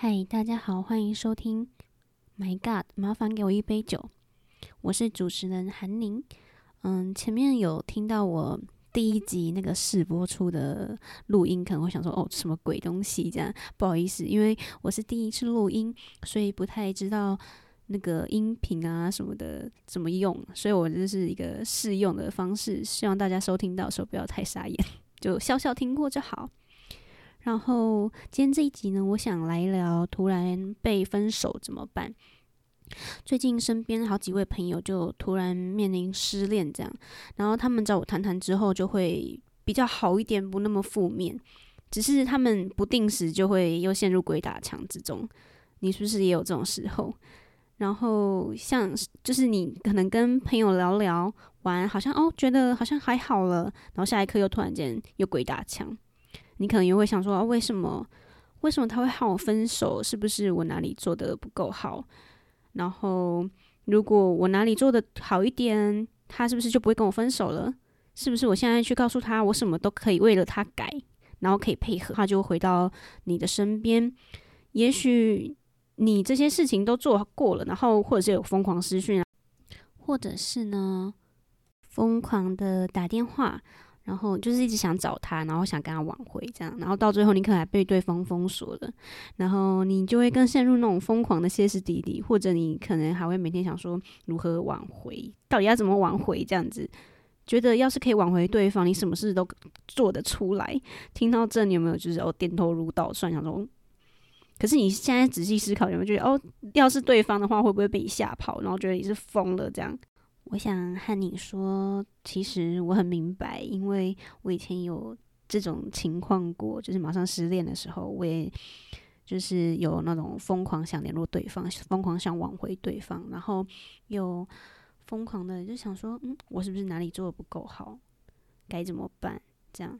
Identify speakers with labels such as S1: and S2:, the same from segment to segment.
S1: 嗨，大家好，歡迎收聽。My God，麻煩給我一杯酒。我是主持人菡寧。嗯，前面有聽到我第一集那個試播出的錄音，可能會想說哦，什麼鬼東西這樣？不好意思，因為我是第一次錄音，所以不太知道那個音頻啊什麼的怎麼用，所以我這是一個試用的方式，希望大家收聽到的時候不要太傻眼，就笑笑聽過就好。然後今天這一集呢，我想來聊突然被分手怎麼辦？最近身邊好幾位朋友就突然面臨失戀這樣，然後他們找我談談之後就會比較好一點，不那麼負面。只是他們不定時就會又陷入鬼打牆之中。你是不是也有這種時候？然後像就是你可能跟朋友聊聊完，好像哦覺得好像還好了，然後下一刻又突然間又鬼打牆。你可能也會想說啊、哦，為什麼？為什麼他會和我分手？是不是我哪裡做得不夠好？然後，如果我哪裡做得好一點，他是不是就不會跟我分手了？是不是我現在去告訴他，我什麼都可以為了他改，然後可以配合，他就回到你的身邊？也許你這些事情都做過了，然後或者是有瘋狂私訊啊，或者是呢，瘋狂的打電話。然後就是一直想找他，然後想跟他挽回這樣，然後到最後你可能還被對方封鎖了，然後你就會更陷入那種瘋狂的歇斯底里，或者你可能還會每天想說如何挽回，到底要怎麼挽回這樣子，覺得要是可以挽回對方，你什麼事都做得出來。聽到這，你有沒有就是哦，點頭如搗蒜，那種？可是你現在仔細思考，有沒有覺得哦，要是對方的話，會不會被你嚇跑，然後覺得你是瘋了這樣？我想和你說，其實我很明白，因為我以前有這種情況過，就是馬上失戀的時候，我也就是有那種瘋狂想聯絡對方，瘋狂想挽回對方，然後又瘋狂的就想說，嗯，我是不是哪裡做的不夠好？該怎麼辦？這樣。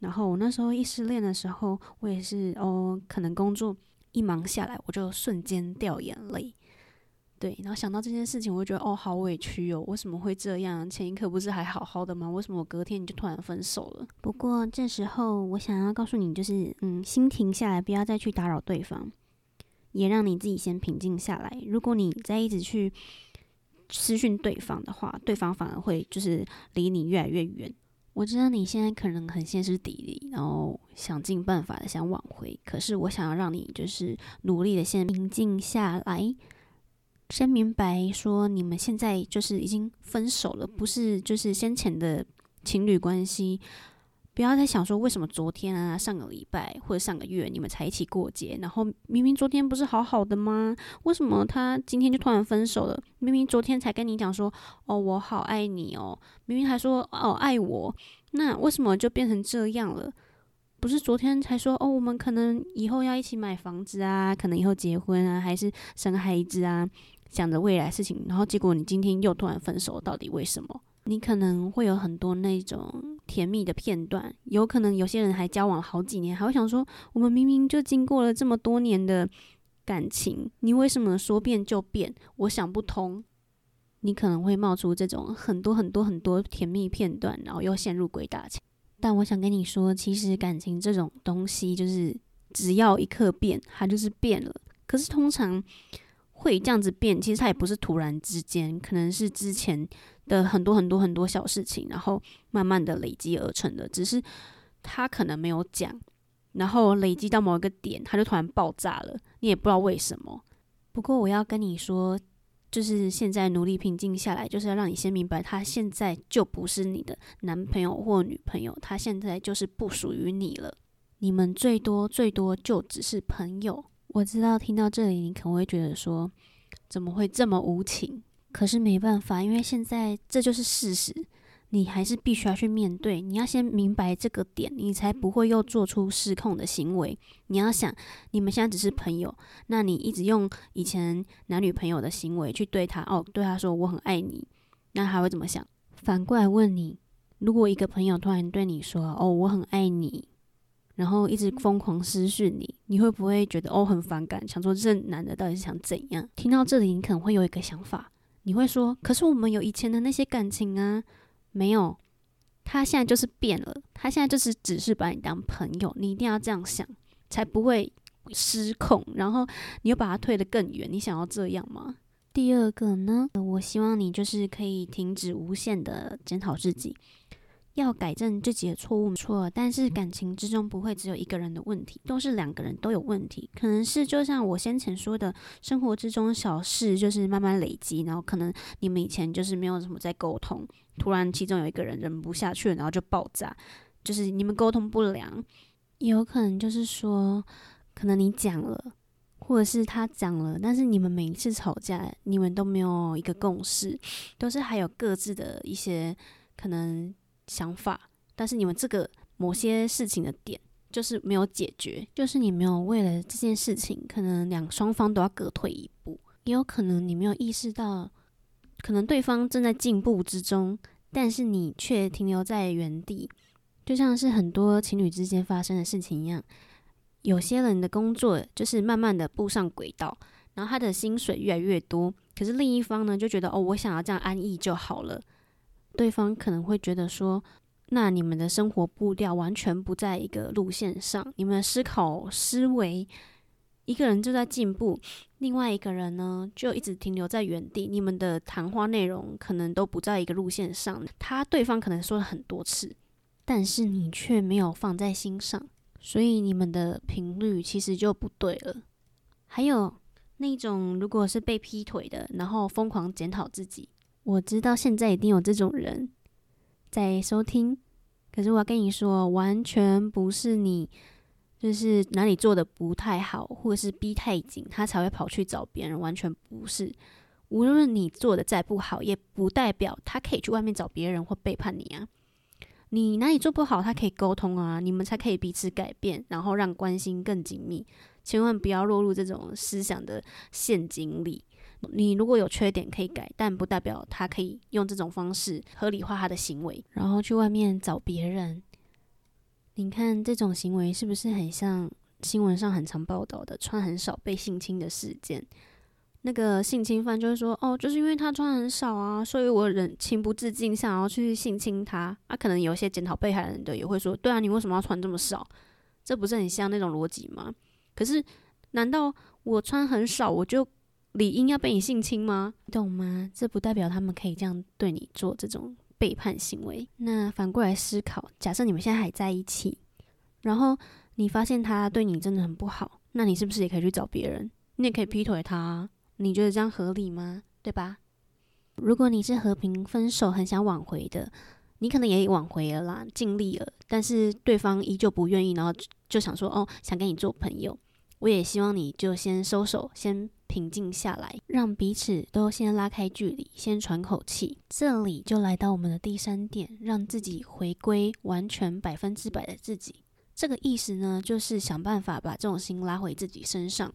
S1: 然後我那時候一失戀的時候，我也是哦，可能工作一忙下來，我就瞬間掉眼淚。對，然後想到這件事情，我會覺得哦，好委屈哦，為什麼會這樣？前一刻不是還好好的嗎？為什麼我隔天你就突然分手了？不過這時候我想要告訴你，就是嗯，心停下來，不要再去打擾對方，也讓你自己先平靜下來。如果你再一直去私訊對方的話，對方反而會就是離你越來越遠。我知道你現在可能很歇斯底里，然後想盡辦法的想挽回，可是我想要讓你就是努力的先平靜下來。先明白說，你們現在就是已經分手了，不是就是先前的情侶關係。不要再想說，為什麼昨天啊、上個禮拜或者上個月你們才一起過節，然後明明昨天不是好好的嗎？為什麼他今天就突然分手了？明明昨天才跟你講說，哦，我好愛你哦，明明還說哦愛我，那為什麼就變成這樣了？不是昨天才說哦，我們可能以後要一起買房子啊，可能以後結婚啊，還是生孩子啊，講着未來事情，然後結果你今天又突然分手，到底為什麼？你可能會有很多那種甜蜜的片段，有可能有些人還交往好幾年，還會想說我們明明就經過了這麼多年的感情，你為什麼說變就變？我想不通。你可能會冒出這種很多很多很多甜蜜片段，然後又陷入鬼打牆。但我想跟你說，其實感情這種東西，就是只要一刻變，它就是變了。可是通常。會這樣子變，其實他也不是突然之間，可能是之前的很多很多很多小事情，然後慢慢的累積而成的。只是他可能沒有講，然後累積到某一個點，他就突然爆炸了，你也不知道為什麼。不過我要跟你說，就是現在努力平靜下來，就是要讓你先明白，他現在就不是你的男朋友或女朋友，他現在就是不屬於你了。你們最多最多就只是朋友。我知道，聽到這裡，你可能會覺得說，怎麼會這麼無情？可是沒辦法，因為現在這就是事實，你還是必須要去面對。你要先明白這個點，你才不會又做出失控的行為。你要想，你們現在只是朋友，那你一直用以前男女朋友的行為去對他，哦，對他說我很愛你，那他會怎麼想？反過來問你，如果一個朋友突然對你說，哦，我很愛你。然後一直瘋狂私訊你，你會不會覺得哦很反感，想說這男的到底是想怎樣？聽到這裡，你可能會有一個想法，你會說，可是我們有以前的那些感情啊，沒有，他現在就是變了，他現在就是只是把你當朋友，你一定要這樣想，才不會失控。然後你又把他推得更遠，你想要這樣嗎？第二個呢，我希望你就是可以停止無限的檢討自己。要改正自己的錯誤，錯。但是感情之中不會只有一個人的問題，都是兩個人都有問題。可能是就像我先前說的，生活之中小事就是慢慢累積，然後可能你們以前就是沒有什麼在溝通，突然其中有一個人忍不下去，然後就爆炸。就是你們溝通不良，也有可能就是說，可能你講了，或者是他講了，但是你們每一次吵架，你們都沒有一個共識，都是還有各自的一些可能。想法，但是你們這個某些事情的點就是沒有解決，就是你沒有為了這件事情，可能兩雙方都要各退一步，也有可能你沒有意識到，可能對方正在進步之中，但是你卻停留在原地，就像是很多情侶之間發生的事情一樣，有些人的工作就是慢慢的步上軌道，然後他的薪水越來越多，可是另一方呢，就覺得哦，我想要這樣安逸就好了。對方可能會覺得說：“那你們的生活步調完全不在一個路線上，你們的思考思維，一個人就在進步，另外一個人呢就一直停留在原地。你們的談話內容可能都不在一個路線上。他對方可能說了很多次，但是你卻沒有放在心上，所以你們的頻率其實就不對了。還有那種如果是被劈腿的，然後瘋狂檢討自己。”我知道現在一定有這種人在收聽，可是我要跟你說，完全不是你，就是哪裡做的不太好，或者是逼太緊，他才會跑去找別人。完全不是，無論你做的再不好，也不代表他可以去外面找別人或背叛你啊。你哪裡做不好，他可以溝通啊，你們才可以彼此改變，然後讓關心更緊密。千萬不要落入這種思想的陷阱裡。你如果有缺點可以改，但不代表他可以用這種方式合理化他的行為，然後去外面找別人。你看這種行為是不是很像新聞上很常報道的穿很少被性侵的事件？那個性侵犯就會說：“哦，就是因為他穿很少啊，所以我忍情不自禁想要去性侵他。啊”啊可能有一些檢討被害人的也會說：“對啊，你為什麼要穿這麼少？這不是很像那種邏輯嗎？”可是，難道我穿很少我就？理應要被你性侵嗎？懂嗎？這不代表他們可以這樣對你做這種背叛行為。那反過來思考，假設你們現在還在一起，然後你發現他對你真的很不好，那你是不是也可以去找別人？你也可以劈腿他啊？你覺得這樣合理嗎？對吧？如果你是和平分手，很想挽回的，你可能也挽回了啦，盡力了，但是對方依舊不願意，然後就想說：“哦，想跟你做朋友，我也希望你就先收手，先。”平靜下來，讓彼此都先拉開距離，先喘口氣。這裡就來到我們的第三點，讓自己回歸完全百分之百的自己。這個意思呢，就是想辦法把重心拉回自己身上。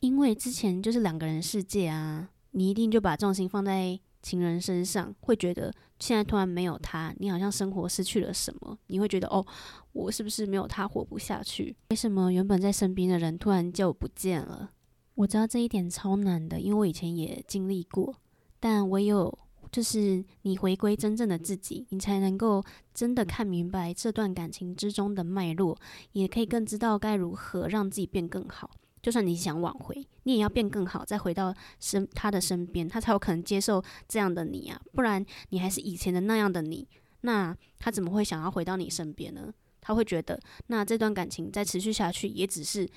S1: 因為之前就是兩個人世界啊，你一定就把重心放在情人身上，會覺得現在突然沒有他，你好像生活失去了什麼。你會覺得哦，我是不是沒有他活不下去？為什麼原本在身邊的人突然就不見了？我知道這一點超難的，因為我以前也經歷過。但唯有就是你回歸真正的自己，你才能夠真的看明白這段感情之中的脈絡，也可以更知道該如何讓自己變更好。就算你想挽回，你也要變更好，再回到身他的身邊，他才有可能接受這樣的你啊。不然你還是以前的那樣的你，那他怎麼會想要回到你身邊呢？他會覺得那這段感情再持續下去也只是。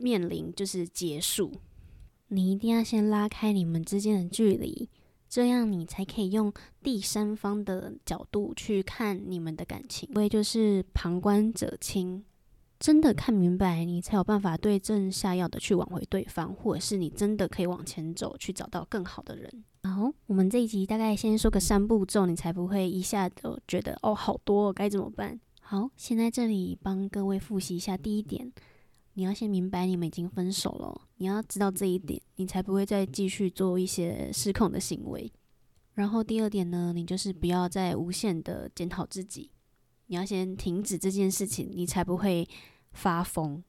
S1: 面臨就是結束，你一定要先拉開你們之間的距離，這樣你才可以用第三方的角度去看你們的感情，也就是旁觀者清，真的看明白你才有辦法對症下藥的去挽回對方，或者是你真的可以往前走，去找到更好的人。好，我們這一集大概先說個三步驟，你才不會一下子覺得哦，好多哦，該怎麼辦？好，先在這裡幫各位複習一下第一點。你要先明白你們已經分手了，你要知道這一點，你才不會再繼續做一些失控的行為。然後第二點呢，你就是不要再無限的檢討自己，你要先停止這件事情，你才不會發瘋。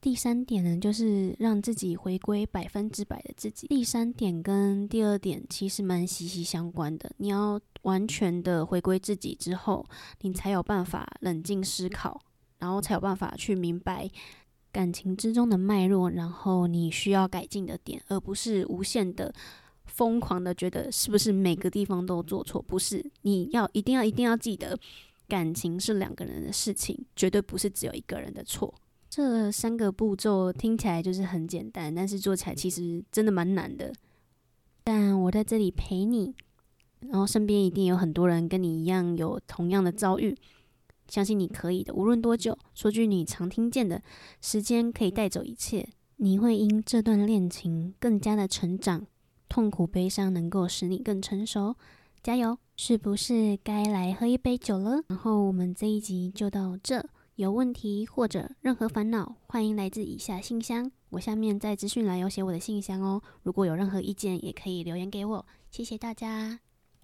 S1: 第三點呢，就是讓自己回歸百分之百的自己。第三點跟第二點其實蠻息息相關的，你要完全的回歸自己之後，你才有辦法冷靜思考。然後才有辦法去明白感情之中的脈絡，然後你需要改進的點，而不是無限的瘋狂的覺得是不是每個地方都做錯。不是，你要一定要一定要記得，感情是兩個人的事情，絕對不是只有一個人的錯。這三個步驟聽起來就是很簡單，但是做起來其實真的蠻難的。但我在這裡陪你，然後身邊一定有很多人跟你一樣有同樣的遭遇。相信你可以的，無論多久。說句你常聽見的，時間可以帶走一切。你會因這段戀情更加的成長，痛苦悲傷能夠使你更成熟。加油！是不是該來喝一杯酒了？然後我們這一集就到這。有問題或者任何煩惱，歡迎來自以下信箱。我下面在資訊欄有寫我的信箱哦。如果有任何意見，也可以留言給我。謝謝大家。